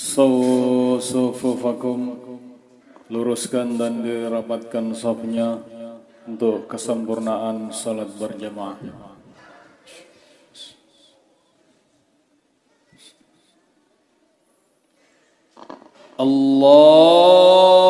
So, so, fufakum Luruskan dan dirapatkan sofnya Untuk kesempurnaan salat berjamaah Allah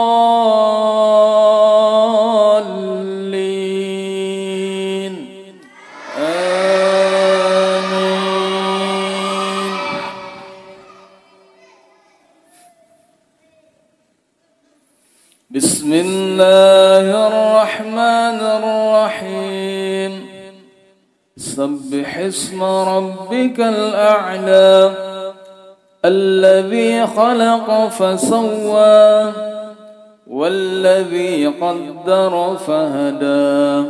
بسم الله الرحمن الرحيم سبح اسم ربك الأعلى الذي خلق فسوى والذي قدر فهدى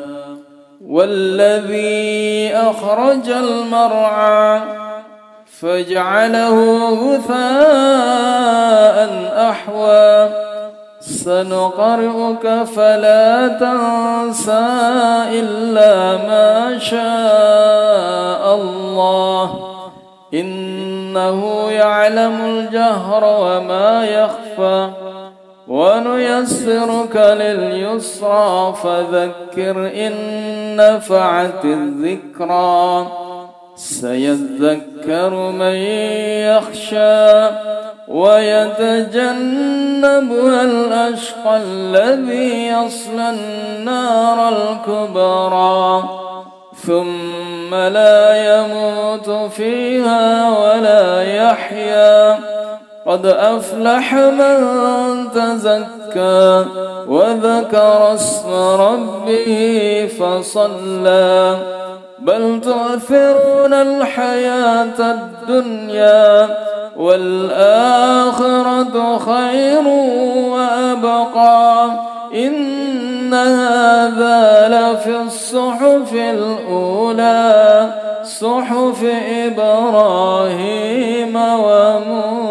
والذي أخرج المرعى فجعله غثاء أحوى سنقرئك فلا تنسى إلا ما شاء الله إنه يعلم الجهر وما يخفى ونيسرك لليسرى فذكر إن نفعت الذكرى سيذكر من يخشى ويتجنبها الأشقى الذي يصلى النار الكبرى ثم لا يموت فيها ولا يحيا قد أفلح من تزكى وذكر اسم ربه فصلى بل تؤثرون الحياة الدنيا والآخرة خير وأبقى إن هذا لفي الصحف الأولى صحف إبراهيم وموسى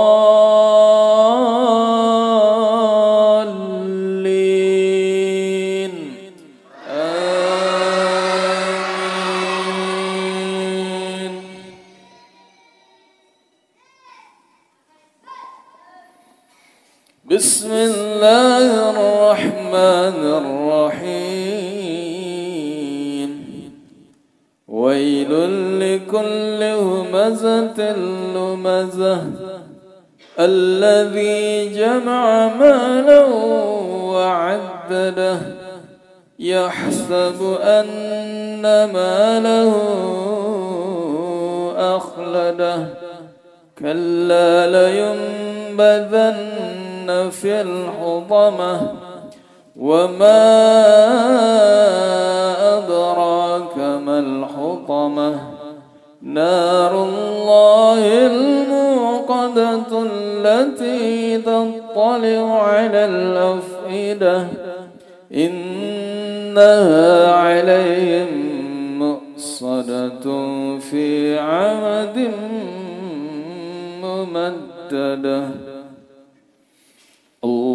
بسم الله الرحمن الرحيم ويل لكل همزة لمزة الذي جمع مالا وعدده يحسب أن ماله أخلده كلا لينبذن في الحطمة وما أدراك ما الحطمة نار الله الموقدة التي تطلع على الأفئدة إنها عليهم مؤصدة في عمد ممدده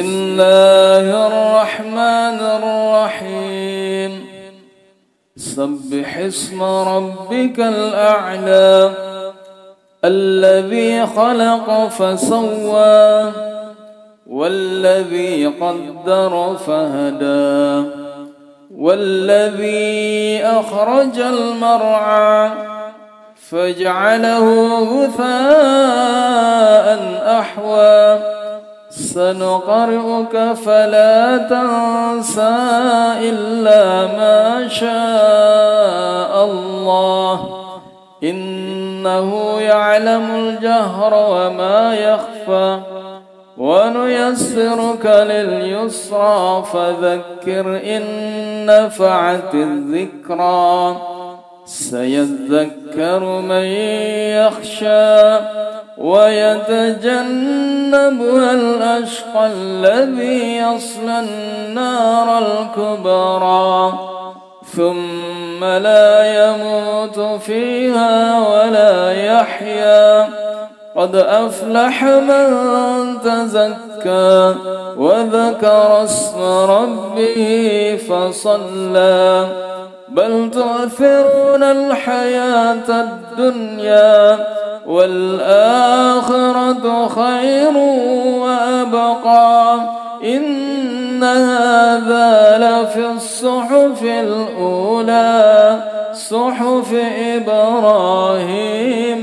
الله الرحمن الرحيم سبح اسم ربك الأعلى الذي خلق فسوى والذي قدر فهدى والذي أخرج المرعى فجعله غثاء أحوى سنقرئك فلا تنسى إلا ما شاء الله إنه يعلم الجهر وما يخفى ونيسرك لليسرى فذكر إن نفعت الذكرى سيذكر من يخشى ويتجنبها الأشقى الذي يصلى النار الكبرى ثم لا يموت فيها ولا يحيا قد أفلح من تزكى وذكر اسم ربه فصلى بل تؤثرون الحياة الدنيا والآخرة خير وأبقى إن هذا لفي الصحف الأولى صحف إبراهيم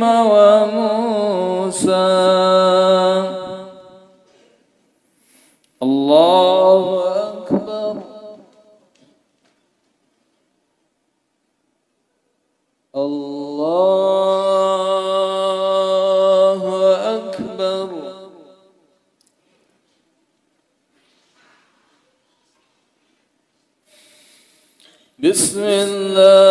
الله أكبر بسم الله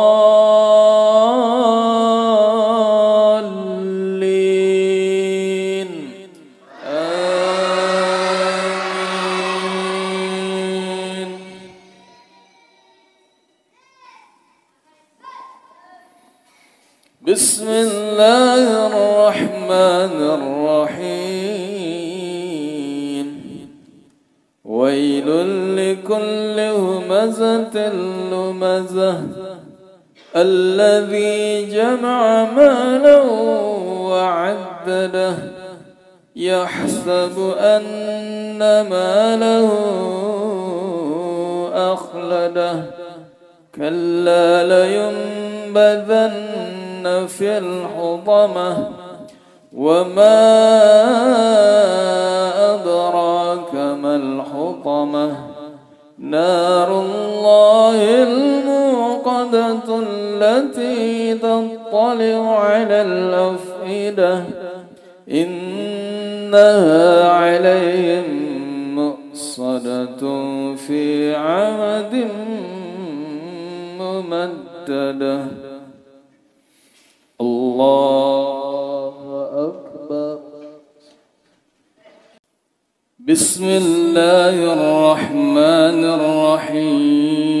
مالا وعدده يحسب أن ماله أخلده كلا لينبذن في الحطمة وما أدراك ما الحطمة نار الله الموقدة التي تطلع على الأفئدة إنها عليهم مؤصدة في عمد ممددة الله أكبر بسم الله الرحمن الرحيم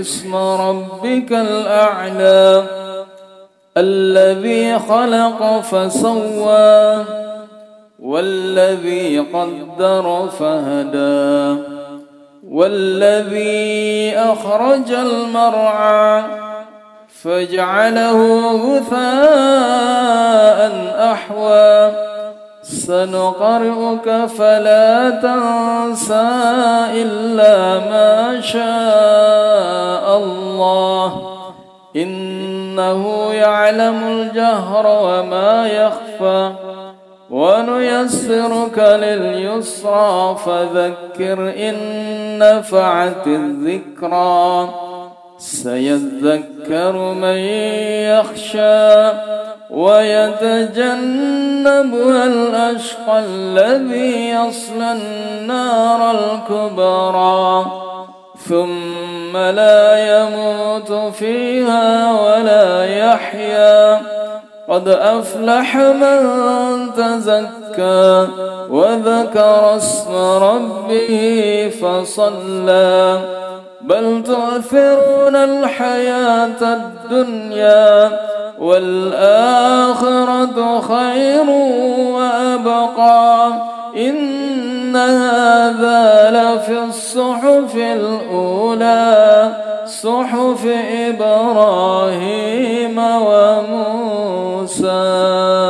اسم ربك الأعلى الذي خلق فسوى والذي قدر فهدى والذي أخرج المرعى فجعله غثاء أحوى سنقرئك فلا تنسى إلا ما شاء الله إنه يعلم الجهر وما يخفى ونيسرك لليسرى فذكر إن نفعت الذكرى سيذكر من يخشى ويتجنبها الأشقى الذي يصلى النار الكبرى ثم لا يموت فيها ولا يحيا قد أفلح من تزكى وذكر اسم ربه فصلى بل تؤثرون الحياة الدنيا والآخرة خير وأبقى إن هذا لفي الصحف الأولى صحف إبراهيم وموسى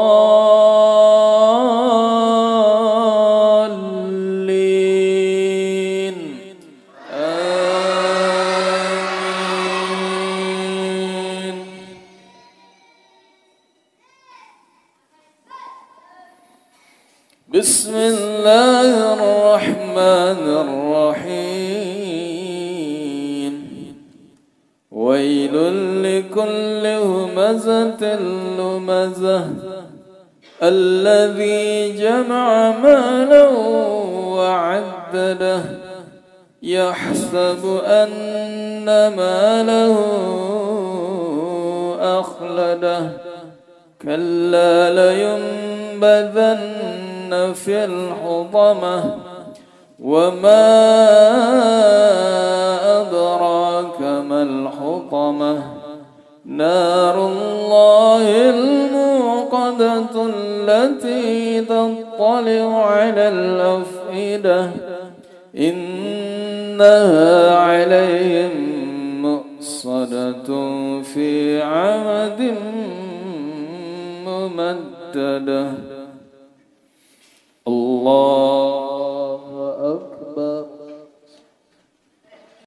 ويل لكل همزة لمزة الذي جمع مالا وعدده يحسب أن ماله أخلده كلا لينبذن في الحطمة وما نار الله الموقدة التي تطلع على الأفئدة إنها عليهم مؤصدة في عمد ممددة الله